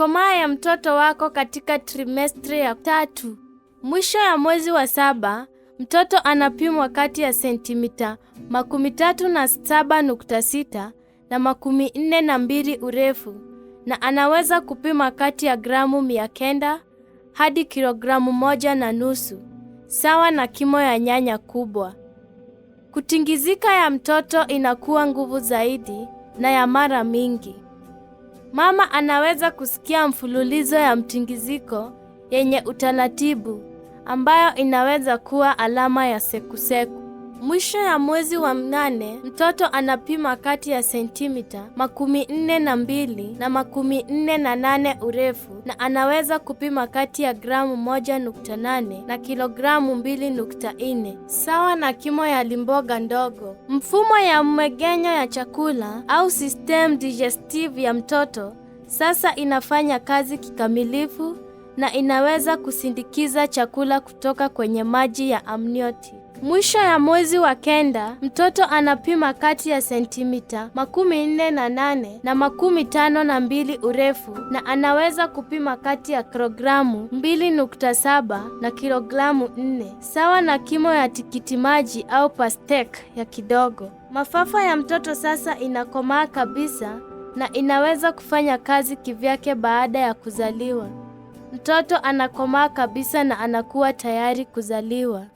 Komaa ya mtoto wako katika trimestri ya tatu. Mwisho ya mwezi wa saba, mtoto anapimwa kati ya sentimita makumi tatu na saba nukta sita na makumi nne na mbili urefu na anaweza kupima kati ya gramu mia kenda hadi kilogramu moja na nusu sawa na kimo ya nyanya kubwa. Kutingizika ya mtoto inakuwa nguvu zaidi na ya mara mingi. Mama anaweza kusikia mfululizo ya mtingiziko yenye utaratibu ambayo inaweza kuwa alama ya sekuseku. Mwisho ya mwezi wa mnane mtoto anapima kati ya sentimita makumi nne na mbili na makumi nne na nane urefu na anaweza kupima kati ya gramu moja nukta nane na kilogramu mbili nukta nne sawa na kimo ya limboga ndogo. Mfumo ya mwegenyo ya chakula au system digestive ya mtoto sasa inafanya kazi kikamilifu na inaweza kusindikiza chakula kutoka kwenye maji ya amnioti. Mwisho ya mwezi wa kenda mtoto anapima kati ya sentimita makumi nne na nane na makumi tano na mbili urefu na anaweza kupima kati ya kilogramu mbili nukta saba na kilogramu nne sawa na kimo ya tikiti maji au pastek ya kidogo. Mafafa ya mtoto sasa inakomaa kabisa na inaweza kufanya kazi kivyake baada ya kuzaliwa. Mtoto anakomaa kabisa na anakuwa tayari kuzaliwa.